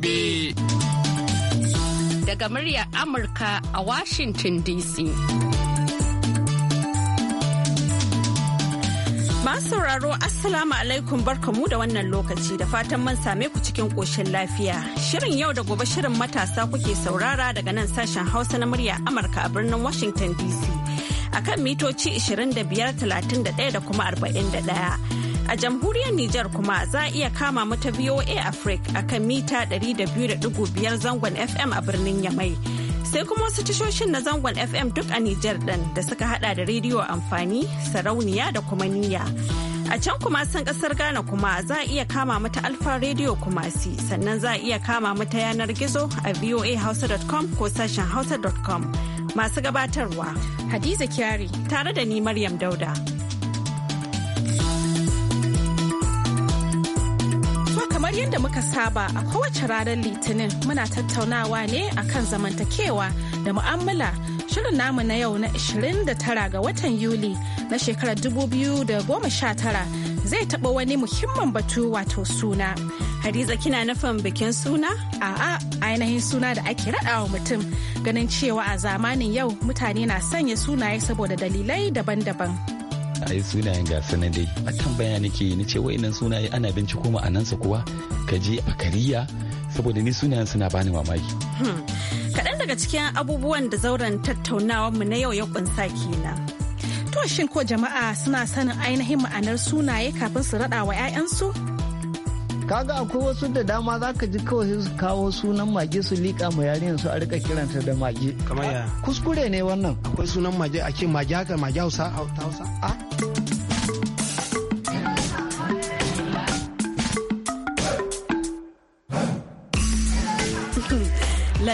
gobe. Daga muryar Amurka a Washington DC. Masu sauraro Assalamu alaikum barkamu da wannan lokaci da fatan man same ku cikin ƙoshin lafiya. Shirin yau da gobe shirin matasa kuke saurara daga nan sashen Hausa na murya Amurka a birnin Washington DC. akan mitoci 25, 31 da kuma 41. A jamhuriyar Nijar kuma za a iya kama mu ta VOA Africa a kan mita 200.5 zangon FM a birnin Yamai. Sai kuma wasu tashoshin na zangon FM duk a Nijar ɗin da suka hada da rediyo amfani, sarauniya da kuma niyya. A can kuma san kasar Ghana kuma za a iya kama mata Alfa Radio Kumasi sannan za a iya kama mata yanar gizo a voahausa.com ko sashen hausa.com. Masu gabatarwa. Hadiza Kyari. Tare da ni Maryam Dauda. yadda muka saba a kowace ranar litinin muna tattaunawa ne akan zamantakewa da mu'amala shirin namu na yau na 29 ga watan yuli na shekarar 2019 zai taɓa wani muhimman batu wato suna hadiza kina nufin bikin suna a'a ainihin suna da ake raɗawa mutum ganin cewa a zamanin yau mutane na sanya sunaye saboda dalilai daban-daban yi sunayen ga sanan dai a tambaya nake ni ce wa'annan sunaye ana binciko ma'anansa kuwa ka je a kariya saboda ni sunayen suna bani mamaki hmm. kaɗan daga cikin abubuwan da zauren tattaunawar mu na yau ya kunsa kenan to shin ko jama'a suna sanin ainihin ma'anar sunaye kafin su raɗa wa 'ya'yansu kaga akwai wasu da dama za ka ji kawai su kawo sunan mage su liƙa ma yarinyar su a rika kiranta da mage. Kuskure ne wannan. Akwai sunan mage a mage haka mage hausa hausa. A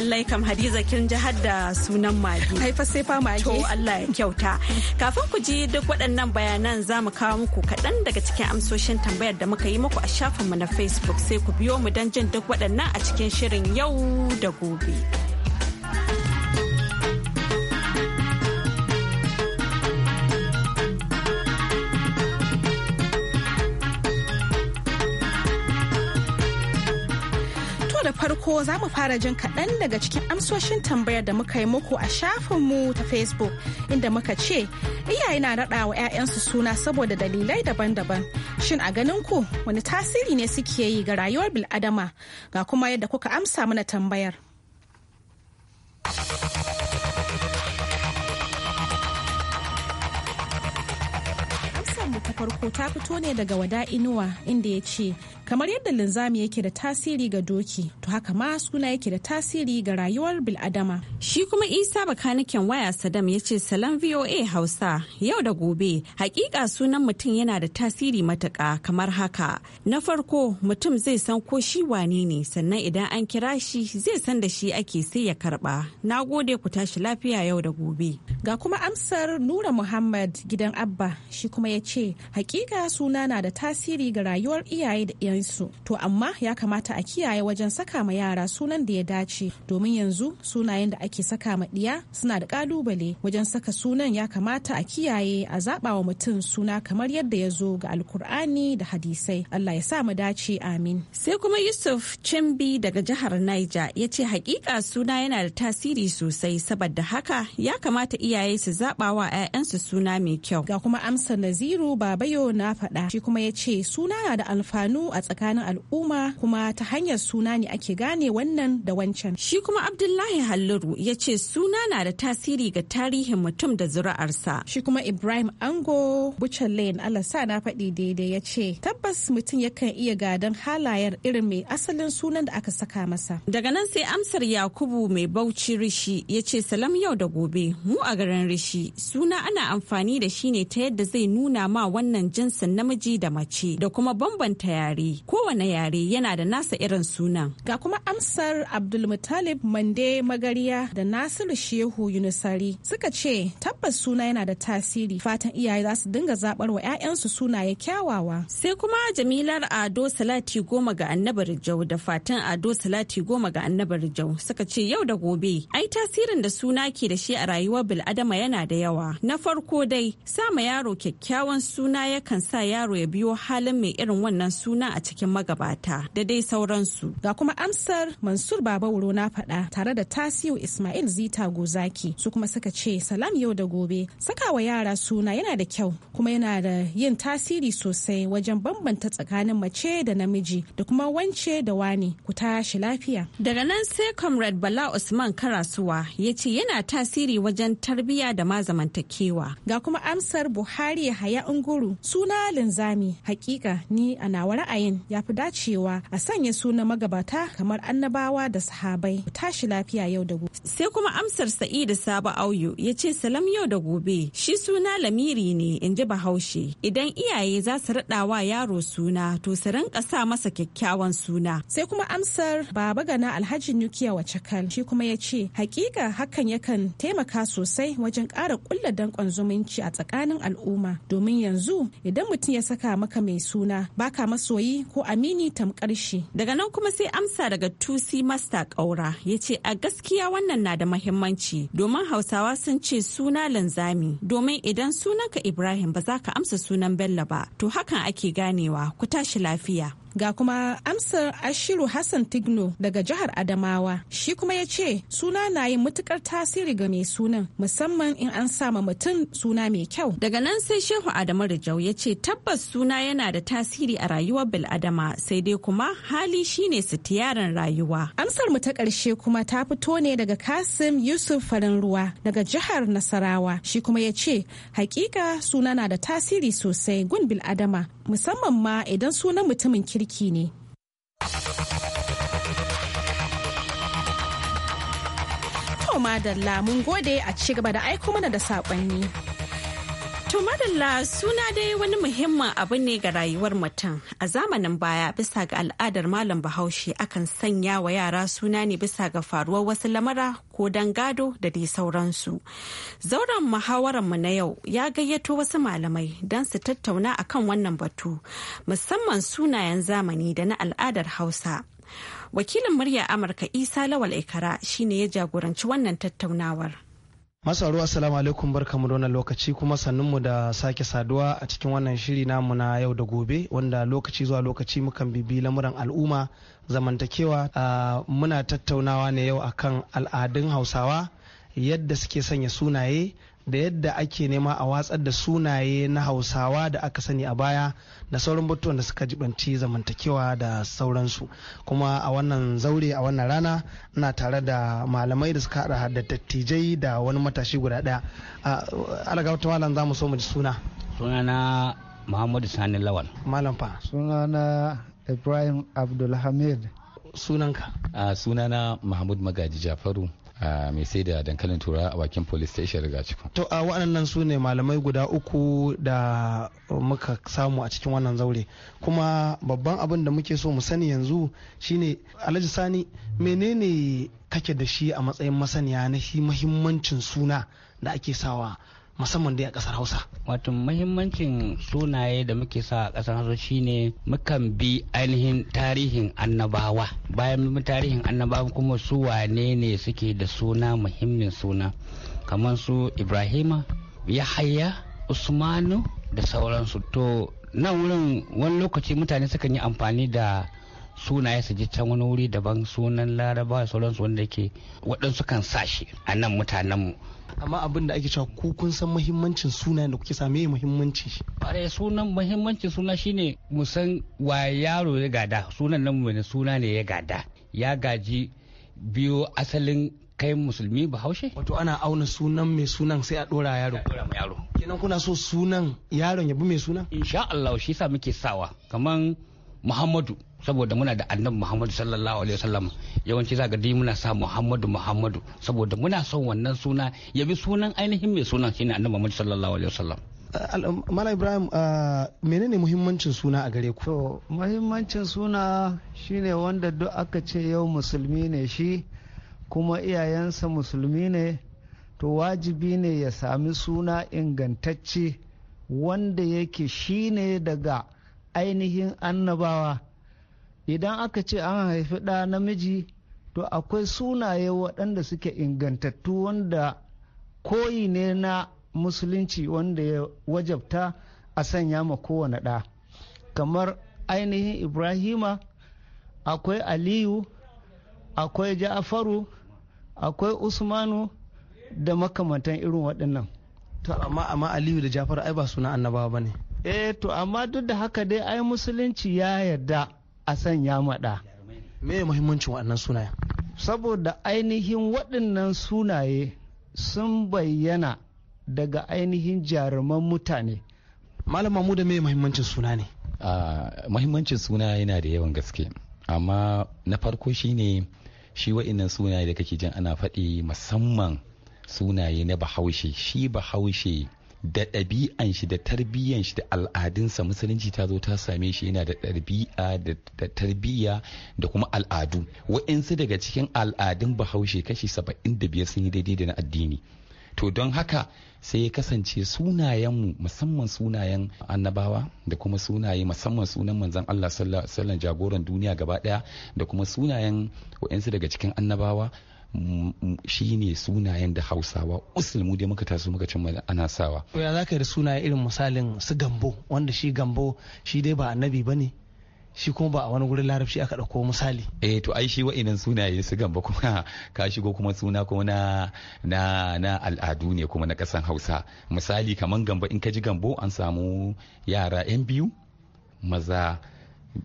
lallai kam Hadiza kin ji har da sunan mage. Ai fa sai fa To Allah ya kyauta. Kafin ku ji duk waɗannan bayanan za mu kawo muku kaɗan daga cikin amsoshin tambayar da muka yi muku a shafinmu na Facebook sai ku biyo mu don jin duk waɗannan a cikin shirin yau da gobe. Ko za mu fara jin kaɗan daga cikin amsoshin tambayar da muka yi muku a shafinmu ta Facebook inda muka ce iyaye na raɗa wa 'ya'yansu suna saboda dalilai daban-daban. Shin a ganin ku wani tasiri ne suke yi ga rayuwar bil'adama ga kuma yadda kuka amsa mana tambayar. farko ta fito ne daga wada inuwa inda ya ce kamar yadda linzami yake da tasiri ga doki to haka ma suna yake da tasiri ga rayuwar biladama shi kuma isa bakanikin waya sadam ya ce salam voa hausa yau da gobe hakika sunan mutum yana da tasiri matuka kamar haka na farko mutum zai san ko shi wane ne sannan idan an kira shi zai san da shi ake sai ya karba na gode ku tashi lafiya yau da gobe ga kuma amsar nura muhammad gidan abba shi kuma ya ce hakika suna na da tasiri ga rayuwar iyaye da iyansu to amma ya kamata a kiyaye wajen saka ma yara sunan da ya dace domin yanzu sunayen da ake saka ma ɗiya suna da ƙalubale wajen saka sunan ya kamata a kiyaye a zaba wa mutum suna kamar yadda ya zo ga alkur'ani da hadisai allah ya sa mu dace amin sai kuma yusuf cimbi daga jihar niger ya ce hakika suna yana da tasiri sosai saboda haka ya kamata iyaye su zaɓa wa 'ya'yansu suna mai kyau ga kuma amsa naziru ba Babayo na faɗa shi kuma ya ce suna na da alfanu a tsakanin al'umma kuma ta hanyar suna ne ake gane wannan da wancan. Shi kuma Abdullahi Halliru ya ce suna na da tasiri ga tarihin mutum da zuri'arsa. Shi kuma Ibrahim Ango Buchalain Allah sa na faɗi daidai ya ce tabbas mutum yakan iya gadon halayen irin mai asalin sunan da aka saka masa. Daga nan sai amsar Yakubu mai bauchi Rishi ya ce salam yau da gobe mu a garin Rishi suna ana amfani da shi ne ta yadda zai nuna ma wani wannan jinsin namiji da mace da kuma bambanta yare. Kowane yare yana da nasa irin sunan. Ga kuma amsar Abdulmutalib Mande Magariya da Nasiru Shehu Yunusari suka ce tabbas suna yana da tasiri fatan iyaye za su dinga zabar wa 'ya'yansu sunaye kyawawa. Sai kuma Jamilar Ado Salati goma ga annabar Jau da fatan Ado Salati goma ga annabar Jau suka ce yau da gobe ai tasirin da suna ke da shi a rayuwar bil'adama yana da yawa. Na farko dai sama yaro kyakkyawan suna suna yakan sa yaro ya biyo halin mai irin wannan suna a cikin magabata da dai sauransu. Ga kuma amsar Mansur Baba Wuro na faɗa tare da Tasiu Ismail Zita Gozaki su kuma suka ce salam yau da gobe sakawa yara suna yana da kyau kuma yana da yin tasiri sosai wajen bambanta tsakanin mace da namiji da kuma wance da wani ku tashi lafiya. Daga nan sai Comrade Bala Usman Karasuwa ya ce yana tasiri wajen tarbiyya da mazamantakewa. Ga kuma amsar Buhari Haya Unguru suna linzami hakika ni a nawa ra'ayin ya fi dacewa a sanya suna magabata kamar annabawa da sahabai tashi lafiya yau da gobe. Sai kuma amsar Sa'idu Sabo auyu ya ce salam yau da gobe shi suna lamiri ne in ji Bahaushe idan iyaye za su raɗa wa yaro suna to su rinka sa masa kyakkyawan suna. Sai kuma amsar Baba Gana Alhaji Nukiya Wacakal shi kuma ya ce hakika hakan yakan taimaka sosai wajen ƙara ƙulla danƙon zumunci a tsakanin al'umma domin yanzu idan mutum ya saka maka mai suna baka masoyi ko amini tamkar shi. Daga nan kuma sai amsa daga Tusi Master Kaura ya ce a gaskiya wannan na da mahimmanci domin Hausawa sun ce suna linzami domin idan sunanka Ibrahim ba za ka amsa sunan Bello ba to hakan ake ganewa ku tashi lafiya. Ga kuma amsar Ashiru Hassan Tigno daga jihar Adamawa. Shi kuma ya ce suna na yin matukar tasiri ga mai sunan musamman in an sama mutum suna mai kyau. Daga nan sai Shehu Adamu Rijau ya ce tabbas suna yana da tasiri a rayuwar bil'adama sai dai kuma hali shine sitiyaran rayuwa. Amsar mu ta ƙarshe kuma ta fito ne daga Kasim Yusuf Farin Ruwa daga jihar Nasarawa. Shi kuma ya ce hakika suna na da tasiri sosai gun bil'adama musamman ma idan sunan mutumin kirki ne. Yau madalla mun gode a ci gaba da aiko mana da saƙonni. To madalla suna dai wani muhimmin abu ne ga rayuwar mutum. A zamanin baya bisa ga al'adar malam bahaushe akan sanya wa yara suna ne bisa ga faruwar wasu lamara ko dan gado da dai sauransu. Zauren mu na yau ya gayyato wasu malamai don su tattauna akan wannan batu musamman sunayen zamani da na al'adar Hausa. Wakilin murya Amurka Isa Lawal Ikara shine ya jagoranci wannan tattaunawar. Masaru assalamu alaikum bar kamar wannan lokaci kuma sannunmu da sake saduwa a cikin wannan shiri namu na yau da gobe wanda lokaci zuwa lokaci mukan bibi lamuran al'umma zamantakewa muna tattaunawa ne yau akan al'adun hausawa yadda suke sanya sunaye da yadda ake nema a watsar da sunaye na hausawa da aka sani a baya da sauran batuwan da suka jibanci zamantakewa da sauransu kuma a wannan zaure a wannan rana na tare da malamai da suka hada da dattijai da wani matashi guda daya wata malam za mu so mu ji suna sunana muhammadu sani lawal malam fa sunana ibrahim abdulhamid sunanka sunana mahmud magaji jafaru mai sai da dankalin tura a bakin police station riga cikin. To a waɗannan su ne malamai guda uku da muka samu a cikin wannan zaure kuma babban abin da muke so mu sani yanzu shine Alhaji Sani menene kake da shi a matsayin masaniya na shi mahimmancin suna da ake sawa musamman dai a kasar hausa wato muhimmancin sunaye da muke sa a kasar hausa shine mukan bi ainihin tarihin annabawa bayan mu tarihin annabawa kuma su wane ne suke da suna muhimmin suna kamar su ibrahima yahaya usmanu da sauransu to nan wurin wani lokaci mutane sukan yi amfani da sunaye su ji can wani wuri daban sunan laraba da sauransu wanda ke waɗansu kan sashi a nan mutanenmu amma abin da ake cewa ku kun san muhimmancin suna da kuke same muhimmanci bare sunan muhimmancin suna shine mu san wa yaro ya gada sunan nan mu suna ne ya gada ya gaji biyo asalin kai musulmi bahaushe wato ana auna sunan mai sunan sai a dora yaro yaro kenan kuna so sunan yaron ya bi mai sunan insha Allah shi sa muke sawa kaman Muhammadu saboda muna da annabi muhammadu sallallahu alaihi wasallam yawanci za ga muna sa muhammadu muhammadu saboda muna son wannan suna ya bi sunan ainihin mai sunan shine annabi muhammadu sallallahu alaihi wasallam Mala Ibrahim uh, menene muhimmancin suna a gare ku? To muhimmancin suna shine wanda duk aka ce yau musulmi ne shi kuma iyayensa musulmi ne to wajibi ne ya sami suna ingantacce wanda yake shine daga ainihin annabawa idan aka ce an haifi ɗa namiji to akwai sunaye waɗanda suke ingantattu wanda koyi ne na musulunci wanda ya wajabta a sanya ma kowane ɗa kamar ainihin ibrahima akwai aliyu akwai ja'afaru akwai usmanu da makamantan irin waɗannan to amma amma aliyu da ja'afaru ai ba suna annabawa ba ne eh to amma duk da haka dai ai musulunci ya yarda a sanya maɗa. Me muhimmancin waɗannan sunayen? Saboda ainihin waɗannan sunaye sun bayyana daga ainihin jaruman mutane. Malam Mahmuda da me muhimmancin suna ne? Muhimmancin suna yana da yawan gaske. Amma na farko shi ne, shi waɗannan sunaye da kake jin ana faɗi musamman sunaye na bahaushe shi bahaushe da ɗabi'an shi da tarbiyyan shi da al'adunsa musulunci ta zo ta same shi yana da ɗabi'a da tarbiyya da kuma al'adu wa'insu daga cikin al'adun bahaushe kashi saba'in da biyar sun yi daidai da na addini to don haka sai ya kasance sunayenmu musamman sunayen annabawa da kuma sunaye musamman sunan manzon Allah sallallahu jagoran duniya gaba daya da kuma sunayen wa'insu daga cikin annabawa Mm, mm, shine sunayen da hausawa usul mu dai muka taso muka cin ana sawa ya za ka yi da sunaye irin misalin su gambo wanda shi gambo shi dai ba annabi ba ne shi kuma ba a wani wurin larabci aka ɗauko misali. Eh to ai shi wa'inan sunaye su Gambo kuma ka shigo kuma suna kuma na na na al'adu ne kuma na ƙasan Hausa. Misali kaman Gambo in ka ji gambo an samu yara 'yan biyu maza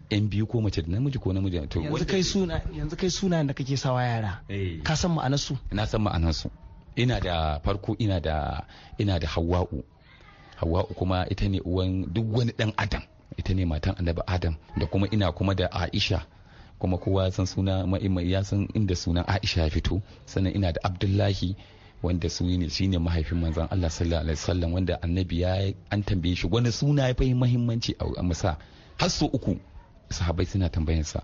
yan biyu ko mace da namiji ko namiji to yanzu kai suna yanzu kai suna da kake sawa yara eh. ka san ma'anar su na san ma'anar su ina da farko ina da ina da hawa'u hawa'u kuma ita ne uwan duk wani dan adam ita ne matan annabi adam da kuma ina kuma da aisha kuma kowa san suna ma'imai ya san inda sunan aisha ya fito sannan ina da abdullahi wanda su ne shine mahaifin manzon Allah sallallahu alaihi wasallam wanda annabi ya an tambaye shi wani suna ya fahimmanci a musa har so uku sahabai suna tambayan sa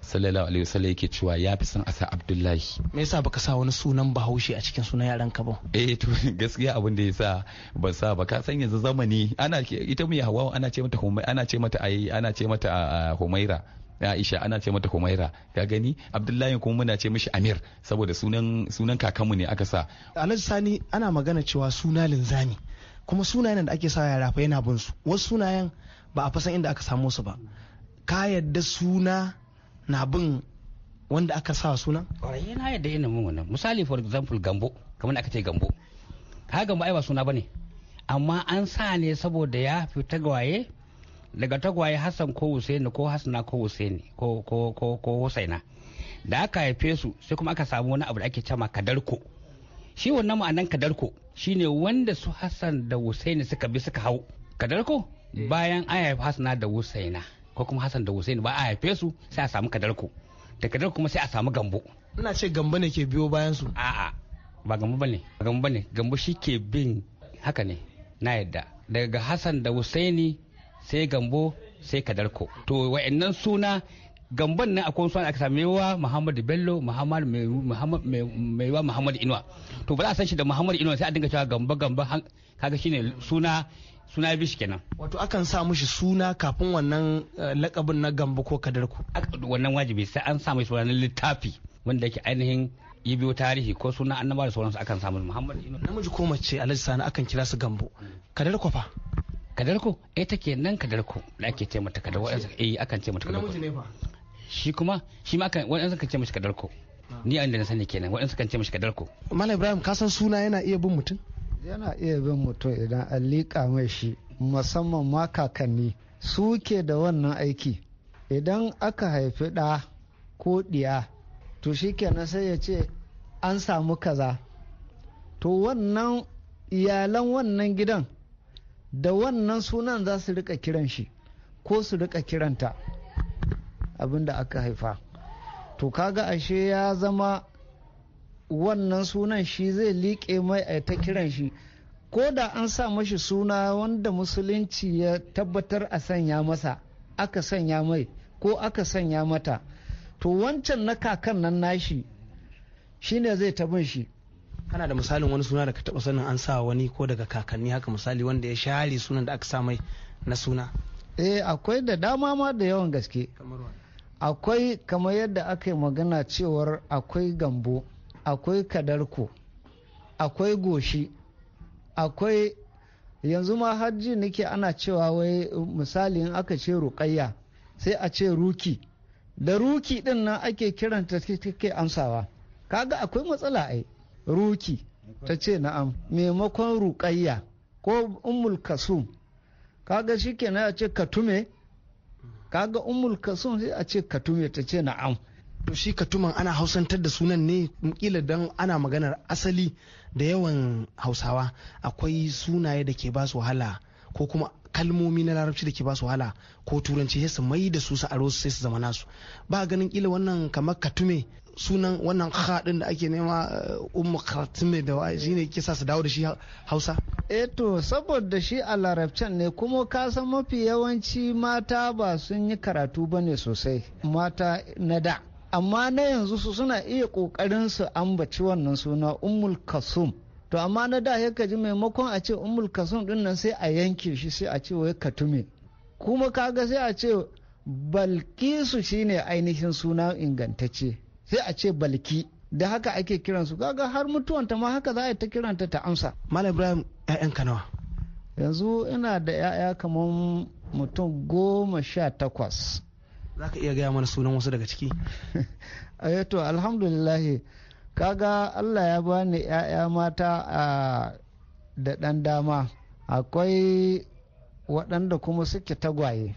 sallallahu alaihi wasallam yake cewa ya fi san asa abdullahi me yasa baka sa wani sunan bahaushe a cikin sunan yaran ka ba eh to gaskiya abin da yasa ba sa ba ka san yanzu zamani ana ita mu hawa ana ce mata ana ce mata ayi ana ce mata humaira Aisha ana ce mata Humaira ga gani Abdullahi kuma muna ce mishi Amir saboda sunan sunan kakanmu ne aka sa Alhaji Sani ana magana cewa suna linzami kuma sunayen da ake sa yara fa yana bin su wasu sunayen ba a fasan inda aka samo su ba ka yadda suna na bin wanda aka sa suna? Ƙwarai na yadda yana mun wannan. Misali for example gambo, kamar aka ce gambo. Ka gambo ai ba suna bane. Amma an sa ne saboda ya fi tagwaye daga tagwaye Hassan ko Husaini ko Hassana ko Husaini ko ko Da aka haife su sai kuma aka samu wani abu da ake cama kadarko. Shi wannan ma'anan kadarko shine wanda su Hassan da Husaini suka bi suka hau. Kadarko eh. bayan an haifi Hassana da Husaina. ko kuma Hassan da Hussein ba a haife su sai a samu kadarko da kadarko kuma sai a samu gambo ina ce gambo ne ke biyo bayan su a ba gambo bane ba gambo bane gambo shi ke bin haka ne na yadda daga Hassan da Hussein sai gambo sai kadarko to wayannan suna gamban nan akwai suna aka same wa Muhammadu Bello Muhammadu mai Muhammadu Inuwa to ba za a san shi da Muhammadu Inuwa sai a dinga cewa gamba gamba kaga shine suna suna bishi kenan wato akan sa mishi suna kafin wannan eh, lakabin na Gambo ko kadarku wannan wajibi sai an sa mishi wannan littafi wanda yake ainihin yi biyo tarihi ko suna annaba da sauransu akan samu muhammad namiji ko mace alhaji sani akan kira su gambo kadarku fa kadarku eh take nan kadarku da ake ce mata kadar waɗansu eh akan ce mata kadarku shi kuma shi ma akan waɗansu kan ce mata kadarku ah. ni a inda na sani kenan waɗansu kan ce mata kadarku malam ibrahim ka san suna yana iya bin mutum yana iya bin mutum idan an liƙa mai shi musamman ma kakanni suke da wannan aiki idan aka haifi ɗa ko ɗiya to shi kenan sai ya ce an samu kaza to wannan iyalan wannan gidan da wannan sunan za su rika kiran shi ko su rika kiranta abinda aka haifa to kaga ashe ya zama wannan sunan shi zai liƙe mai a ta kiran shi ko da an sa mashi suna wanda musulunci ya tabbatar a sanya masa aka sanya mai ko aka sanya mata to wancan na kakan nan nashi shine zai tabin shi kana da misalin wani suna da ka taba sanin an sa wani ko daga kakanni haka misali wanda ya share sunan da aka sa mai na suna eh akwai da dama ma da yawan gaske akwai kamar yadda aka yi magana cewar akwai gambo akwai kadarko akwai goshi akwai yanzu ma hajji nake ana cewa wai misali in aka ce rukayya sai a ce ruki da ruki din nan ake kiranta take amsawa kaga akwai matsala ai ruki ta ce na'am maimakon ruƙayya ko umul kasum kaga shikenan a ce katume kaga umul kasum sai a ce katume ta ce na'am to shi katuman ana hausantar da sunan ne kila don ana maganar asali da yawan hausawa akwai sunaye da ke ba su wahala ko kuma kalmomi na larabci da ke ba su wahala ko turanci sai su mai da su su aro sai su zama nasu ba ganin kila wannan kamar katume sunan wannan haɗin da ake nema eh, ummu katume da wa shine ke sa su dawo da shi hausa eh saboda shi a larabcin ne kuma ka san mafi yawanci mata ba sun yi karatu bane sosai mata na da amma na yanzu su suna iya ƙoƙarin su ambaci wannan suna ummul kasum to amma na da ya ji maimakon a ce ummul kasum din nan sai a yanke shi sai a ce wai katume kuma kaga sai a ce balkisu shine ainihin suna ingantacce sai a ce balki da haka ake kiransu kaga har mutuwanta ma haka za a yi ta kiranta ta amsa malam ibrahim ƴaƴan kanawa yanzu ina da ƴaƴa kamar mutum goma sha takwas za ka iya gaya mana sunan wasu daga ciki eh, to alhamdulillah kaga allah ya bani 'ya'ya mata da ɗan dama akwai waɗanda kuma suke tagwaye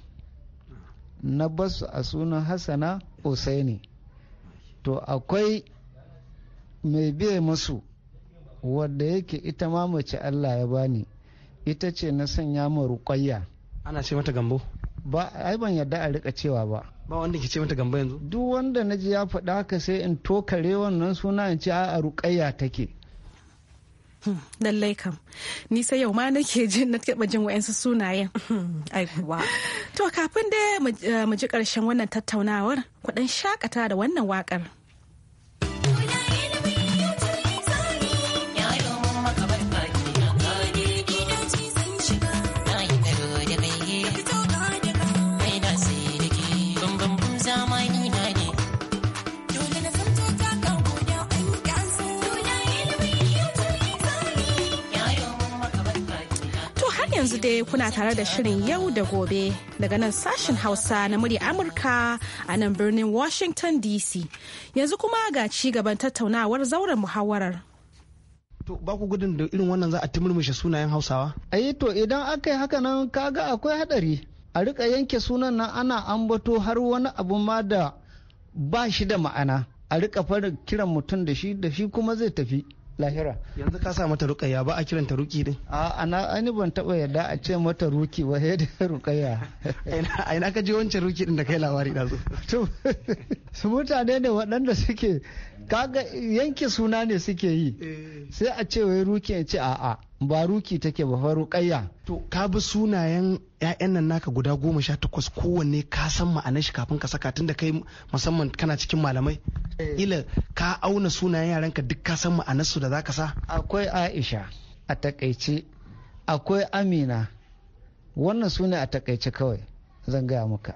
na basu a sunan hassana usaini to akwai mai biye masu wadda yake ita ma mace allah ya bani ita ce na sanya ma ruƙayya ana ce mata gambo ba ai ban yarda a rika cewa ba ba wanda ke ce mata gamba yanzu duk wanda na ji ya faɗa haka sai in tokare wannan suna in ce a ruƙayya take hmm, lallai kam ni sai yau ma nake jin na taɓa jin wa'yansu sunayen aikuwa to kafin dai eh, mu ji ƙarshen wannan tattaunawar kuɗin shakata da wannan waƙar kuna tare da shirin yau da gobe daga nan sashen Hausa na murya Amurka a nan birnin Washington DC. Yanzu kuma ga ci gaban tattaunawar zauren muhawarar. To ba ku gudun da irin wannan za a timurmushe sunayen Hausawa? Ai to idan aka yi haka nan kaga akwai hadari. A rika yanke sunan nan ana ambato har wani abu ma da ba shi da ma'ana. A rika farin kiran mutum da shi da shi kuma zai tafi. lahira yanzu ka sa mata rukayya ba a kiranta ruki din a ana ani ban taba yadda a ce mata ruki ba sai da rukayya a ina ka ji wancan ruki din da kai labari da to su mutane ne waɗanda suke kaga yanke suna ne suke yi eh. sai a ce wai ruki ya ce a'a baruki take ba faruƙayya to ka bi sunayen 'ya'yan nan naka guda goma sha takwas kowanne ka san ma'anar shi kafin ka saka tun da kai musamman kana cikin malamai eh. ila ka auna sunayen yaran ka duk ka san ma'anar su da ka sa akwai aisha a takaice akwai amina wannan suna a takaice kawai zan gaya maka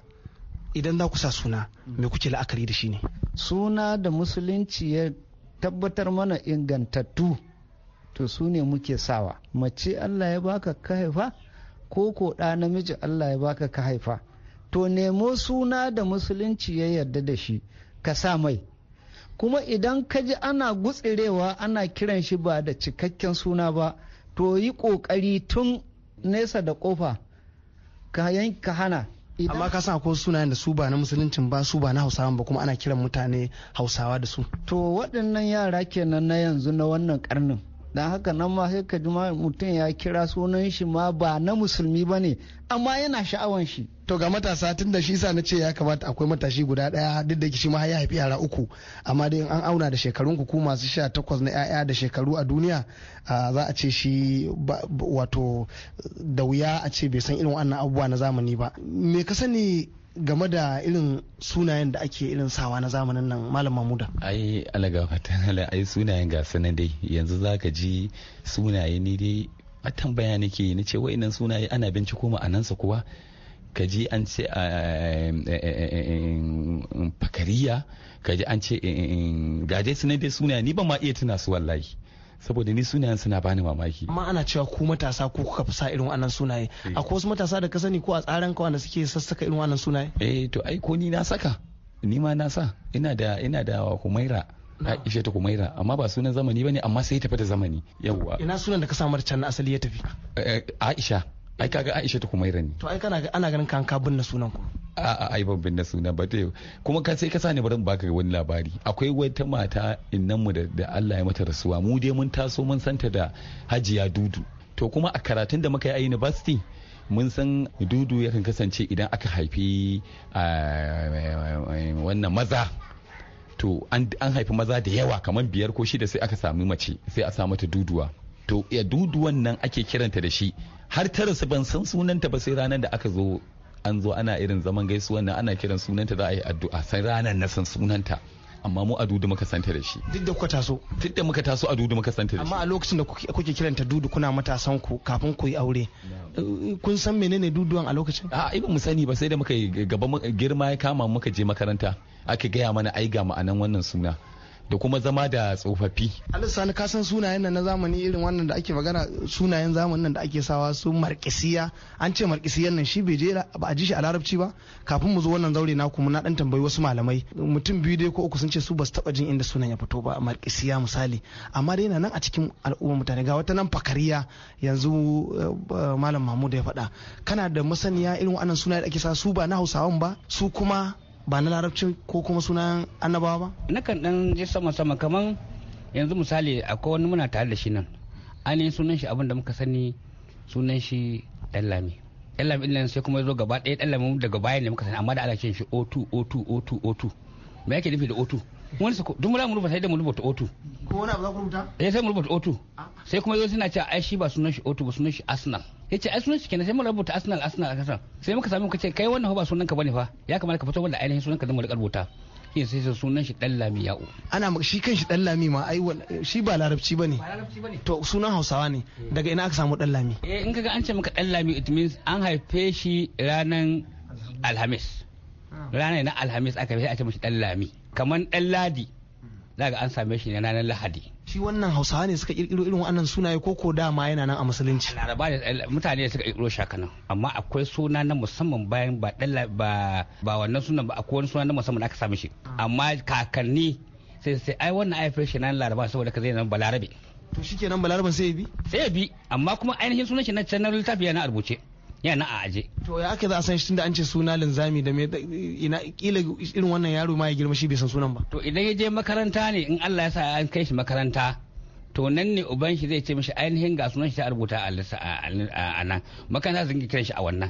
idan za ku sa suna me kuke la'akari da shi ne suna da musulunci ya tabbatar mana ingantattu to su ne muke sawa mace allah ya baka ka haifa ko ko ɗa namiji allah ya baka ka haifa to nemo suna da musulunci ya yarda da shi ka sa mai kuma idan ka ji ana gutsirewa ana kiran shi ba da cikakken suna ba to yi ƙoƙari tun nesa da ƙofa ka yanka hana amma ka sa ko sunayen da su ba na musuluncin ba su ba na Hausawa ba kuma ana kiran mutane hausawa da su to waɗannan yara kenan na yanzu na wannan karnin don haka nan ma sai ka ji mutum ya kira sunan shi ma ba na musulmi ba ne amma yana sha'awan shi to ga matasa tun da shi sa na ce ya kamata akwai matashi guda daya duk da shi ma ya haifi yara uku amma dai an auna da shekarun ku masu sha takwas na yaya da shekaru a duniya za a ce shi wato da wuya a ce bai san irin wannan abubuwa na zamani ba me ka sani game da irin sunayen da ake irin sawa na zamanin nan malam mamuda ai alagafatan ai sunayen ga sanan dai yanzu zaka ji sunaye ni dai a tambaya nake ni ce wa'annan sunaye ana binciko ma'anansa kuwa ka ji an ce fakariya ka ji an ce gaje su dai sunaye ni ban ma iya tuna su wallahi saboda ni sunayen suna bani mamaki amma ana cewa ku matasa ko kuka fi sa irin wannan sunaye eh. akwai wasu matasa da ka sani ko a tsarin ka wanda suke sassaka irin wannan sunaye eh to ai ko ni na saka ni ma na sa ina da ina da kumaira Aisha ta kumaira amma ba sunan zamani bane amma sai ta fita zamani yawwa ina sunan da ka samar can asali ya tafi eh, eh, Aisha ai kaga Aisha ta kuma ne to ai kana ana ganin kan ka binne sunan ku a a ai ban binne suna ba dai kuma ka sai ka sani bari baka wani labari akwai wata mata innan mu da Allah ya mata rasuwa mu dai mun taso mun santa da Hajiya Dudu to kuma a karatun da muka yi a university mun san dudu yakan kasance idan aka haifi wannan maza to an haifi maza da yawa kamar biyar ko shida sai aka sami mace sai a sa mata duduwa to ya duduwan nan ake kiranta da shi har tara su ban san sunanta ba sai ranar da aka zo an zo ana irin zaman gaisuwa na ana kiran sunanta za a yi addu'a sai ranar na san sunanta amma mu a dudu muka santa da shi duk da kuka taso duk da muka taso a dudu muka santa da shi amma a lokacin da kuke kiranta dudu kuna matasan ku kafin ku yi aure kun san menene duduwan a lokacin a ai mu sani ba sai da muka gaba girma ya kama muka je makaranta aka gaya mana ai ga ma'anan wannan suna da kuma zama da tsofaffi. Alisani ka san sunayen nan na zamani irin wannan da ake magana sunayen zamanin nan da ake sawa su markisiya an ce markisiyan nan shi bai je ba a ji shi a larabci ba kafin mu zo wannan zaure na kuma na dan tambayi wasu malamai mutum biyu dai ko uku sun ce su ba su taba jin inda sunan ya fito ba markisiya misali amma dai yana nan a cikin al'umma mutane ga wata nan fakariya yanzu eh, malam Mahmud ya faɗa kana da masaniya irin wannan sunaye da ake sa su ba na Hausawan ba su kuma ba na larabcin ko kuma sunan annabawa ba nakan dan je sama sama kaman yanzu misali akwai wani muna tare da shi nan ainihin sunan shi abin da muka sani sunan shi dallami dallami din sai kuma ya zo gaba ɗaya lami daga baya ne muka sani amma da ala shi o2 o2 o2 o2 me yake nufi da otu wani sako duk mulamu rubuta sai da mu rubuta otu ko wani abu za ku rubuta eh sai mu rubuta otu ah. sai kuma yau suna cewa ai shi ba sunan shi otu ba sunan shi arsenal yace ai sunan shi kenan sai mu rubuta arsenal arsenal a kasan sai muka sami muka ce kai wannan ba sunan ka bane fa ya kamata ka fito wanda ainihin sunan ka da mu rubuta yin sai sunan shi dan lami ya'u ana shi kan shi dan lami ma ai shi ba larabci bane to sunan hausawa ne daga ina aka samu dan lami eh in kaga an ce maka dan lami it means an haife shi ranan alhamis ranar na alhamis aka fi a ce mashi dan lami kamar dan ladi za ga an same shi ne ranar lahadi shi wannan hausawa ne suka kirkiro irin wannan sunaye ko ko dama yana nan a musulunci laraba ne eh, mutane suka kirkiro shakanan amma akwai suna na musamman bayan ba ba ba wannan sunan ba akwai wani suna na musamman aka same shi ah. amma kakanni sai sai ai wannan ai shi nan laraba saboda ka zai nan balarabe to shikenan Balarabe sai ya bi sai ya bi amma kuma ainihin sunan shi na channel tafiya yana arbuce yana a aje to ya aka za a san shi tunda an ce suna linzami da me kila irin wannan yaro ma ya girma shi bai san sunan ba to idan ya je makaranta ne in Allah ya sa an kai shi makaranta to nan ne uban shi zai ce mishi ainihin ga sunan shi ta rubuta a nan makaranta sun kiran shi a wannan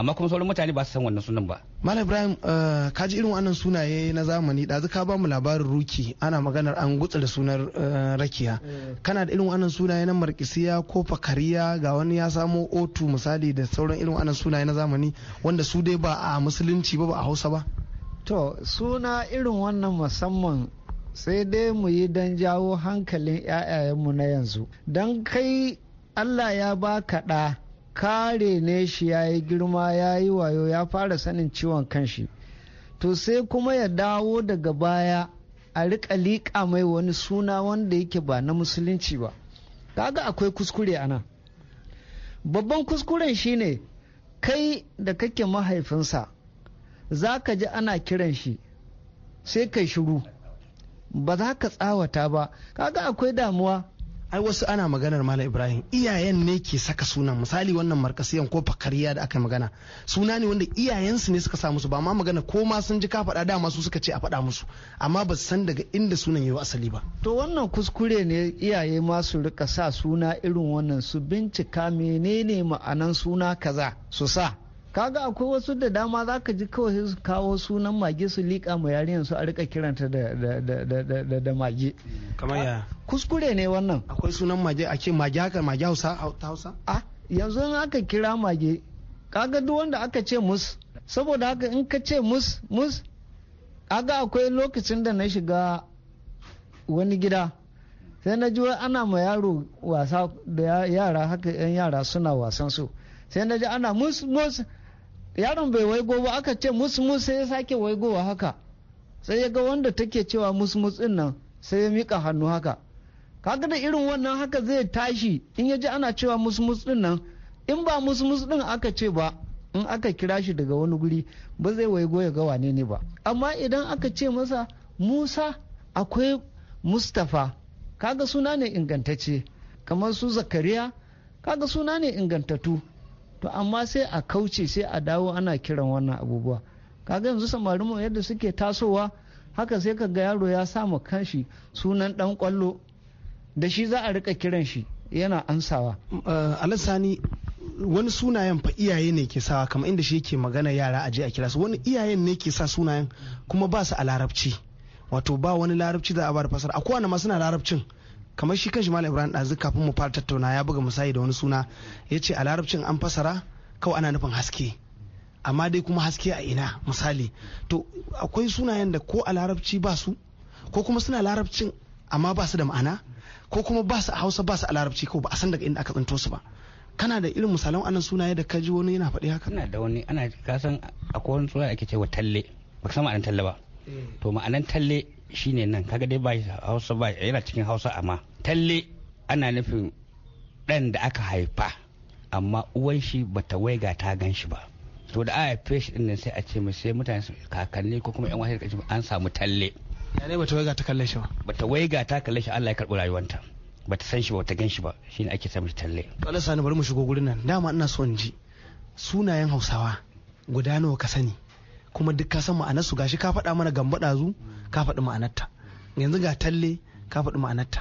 amma kuma sauran mutane ba su san wannan sunan ba malam ibrahim uh, ka ji irin wannan sunaye na zamani ɗazu ka ba mu labarin ruki ana maganar an gutsa da sunar uh, rakiya mm. kana da irin wannan sunaye na markisiya ko fakariya ga wani ya samo otu misali da sauran irin wannan sunaye na zamani wanda su dai ba a musulunci ba ba a hausa ba to suna irin wannan musamman sai dai mu yi dan jawo hankalin 'ya'yayenmu na yanzu Dan kai allah ya baka ɗa kare ne shi ya yi girma ya yi wayo ya fara sanin ciwon kanshi to sai kuma ya dawo daga baya a riƙa liƙa mai wani suna wanda yake ba na musulunci ba kaga akwai kuskure ana babban kuskuren shine kai da kake mahaifinsa za ka ji ana kiran shi sai kai shiru ba za ka tsawata ba kaga akwai damuwa ai wasu ana maganar malam ibrahim iyayen ne ke saka sunan misali wannan markasiyan ko fakariya da aka magana suna ne wanda iyayensu ne suka sa musu ba ma magana ko ma sun ji ka faɗa dama su suka ce a faɗa musu amma ba san daga inda sunan yau asali ba to wannan kuskure ne iyaye ma su rika sa suna irin wannan su bincika menene ma'anan suna kaza su sa kaga akwai wasu da dama za ka ji kawai su kawo sunan mage su liƙa ma yarinyar su a rika kiranta da da mage kamar ya kuskure ne wannan akwai sunan mage a ce mage haka mage hausa hausa a yanzu in aka kira mage kaga duk wanda aka ce mus saboda haka in ka ce mus mus kaga akwai lokacin da na shiga wani gida sai na ji ana ma yaro wasa da yara haka yan yara suna wasan su sai na ji ana mus mus yaron bai waigo ba aka ce musmus sai ya sake waigowa haka sai ya ga wanda take cewa musmus din nan sai ya mika hannu haka kaga da irin wannan haka zai tashi in ya ji ana cewa musmus din nan in ba musmus din aka ce ba in aka kira shi daga wani guri ba zai waigo ya ga wane ne ba amma idan aka ce masa musa akwai mustafa kaga suna ne ingantacce kamar su zakariya kaga suna ne ingantattu to amma sai a kauce sai a dawo ana kiran wannan abubuwa kaga yanzu samarin mu yadda suke tasowa haka sai ka ga yaro ya samu kanshi sunan dan kwallo da shi za a rika kiran shi yana ansawa eh, alasani wani sunayen fa iyaye ne ke sawa kamar inda shi yake magana yara aje a kira su wani iyayen ne ke sa sunayen kuma ba su a larabci wato ba wani larabci za a ba da fasara a kowane ma suna larabcin kamar shi kan malam ibrahim ɗazu kafin mu fara tattauna ya buga misali da wani suna ya ce a larabcin an fasara kawai ana nufin haske amma dai kuma haske a ina misali to akwai sunayen da ko a larabci ba su ko kuma suna larabcin amma ba su da ma'ana ko kuma ba su a hausa ba su a larabci ko ba a san daga inda aka tsinto su ba kana da irin misalan anan sunaye da ji wani yana faɗi haka ina da wani ana kasan akwai wani suna ake cewa talle ba ka san ma'anar talle ba eh. to ma'anar talle shine nan kaga dai ba hausa ba yana cikin hausa amma talle ana nufin ɗan da aka haifa amma uwan shi bata waiga ta gan shi ba to da aya fesh din nan sai a ce mu sai mutane kakanni ko kuma yan wasu kace an samu talle ya ne bata waiga ta kalle shi ba bata waiga ta kalle shi Allah ya karɓi rayuwanta bata san shi ba bata gan shi ba shine ake samun talle Allah sani bari mu shigo gurin nan dama ina so in ji sunayen Hausawa guda nawa ka sani kuma duk ka san ma'anar su gashi ka faɗa mana gamba ɗazu ka faɗi ma'anarta yanzu ga talle ka faɗi ma'anarta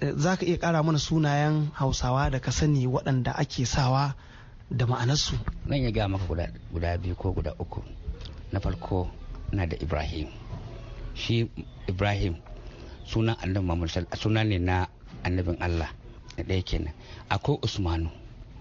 eh, za ka iya ƙara mana sunayen hausawa da ka sani waɗanda ake sawa da ma'anar su. zan iya gaya maka guda biyu ko guda uku na farko na da ibrahim shi ibrahim sunan annabi suna ne na annabin allah da ɗaya kenan akwai usmanu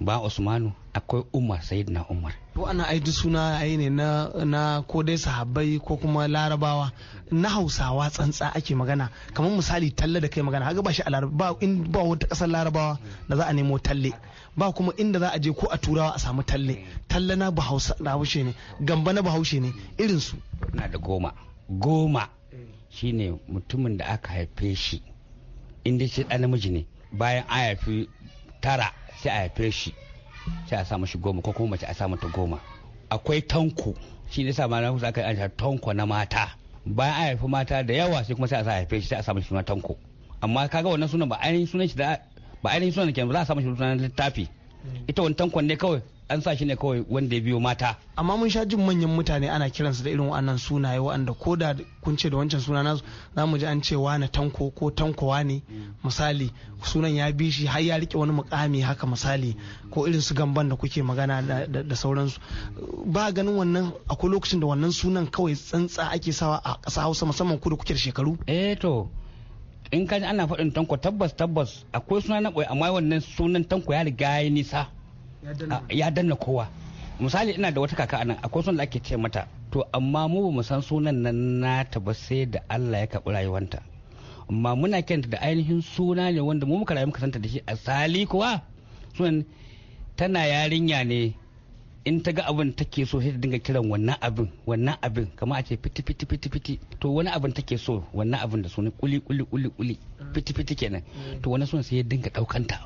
ba usmanu akwai umar sayyidina umar wannan ai duk suna ai ne na na ko dai sahabbai ko kuma larabawa na hausawa tsantsa ake magana kamar misali talle da kai magana haka ba shi a ba in ba wata kasar larabawa da za a nemo talle ba kuma inda za a je ko a turawa a samu talle talle na bahaushe ne gamba na bahaushe ne irin su na da goma goma shine mutumin da aka haife shi inda shi ɗan namiji ne bayan an haifi tara sai a haife shi sai a sa mashi goma ko kuma mace a sa mata goma akwai tanko shi ne sa na kusa aka yi tanko na mata bayan a haifi mata da yawa sai kuma sai a sa haife shi sai a sa mashi na tanko amma kaga wannan sunan ba ainihin sunan shi da ba ainihin sunan kenan ba za a sa mashi sunan littafi ita wantan kwanne kawai an sa shi ne kawai wanda ya biyo mata amma mun sha jin manyan mutane ana kiransu da irin wa'annan sunaye wa'anda ko da kun ce da wancan suna nasu za mu ji an ce wane tanko ko tankowa ne misali sunan ya bi shi har ya rike wani mukami haka misali ko irin su gamban da kuke magana da sauransu ba ganin wannan akwai lokacin da wannan sunan kawai tsantsa ake sawa a ƙasa hausa musamman ku da kuke da shekaru eh to in ka ji ana faɗin tanko tabbas tabbas akwai suna na ɓoye amma wannan sunan tanko ya riga ya nisa ah, ya danna kowa misali ina da wata kaka anan akwai suna da ake ce mata to amma mu ba mu san sunan nan nata ba sai da Allah ya karɓi rayuwanta amma muna kyanta da ainihin suna ne wanda mu muka rayu muka santa da shi asali kuwa sunan tana yarinya ne in ta ga abin take so sai ta dinga kiran wannan abin wannan abin kamar a ce fiti fiti fiti fiti to wani abin take so wannan abin da suna kuli kuli kuli kuli fiti fiti kenan to wani suna sai ya dinga daukanta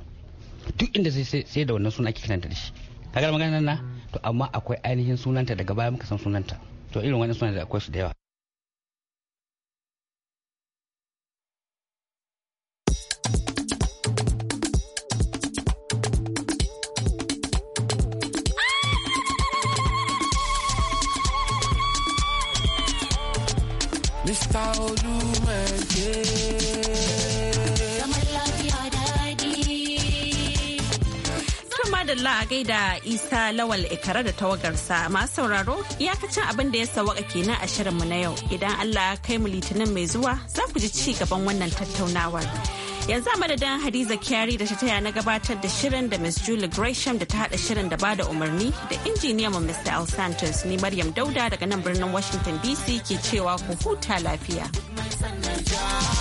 duk inda sai sai da wannan suna ake kiranta da shi kaga magana na to amma akwai ainihin sunanta daga baya muka san sunanta to irin wannan suna da akwai su da yawa Mr. Madalla a gaida Isa Lawal Ikara da tawagarsa masu sauraro iyakacin abin da ya sawaka kenan a shirinmu na yau idan Allah ya kai mu litinin mai zuwa za ku ji ci gaban wannan tattaunawar. yanzu a madadin hadiza kyari da ta taya na gabatar da shirin da miss julie gresham da ta hada shirin da ba da umarni da injiniyan mu mr al santos ni maryam dauda daga nan birnin washington dc ke cewa ku huta lafiya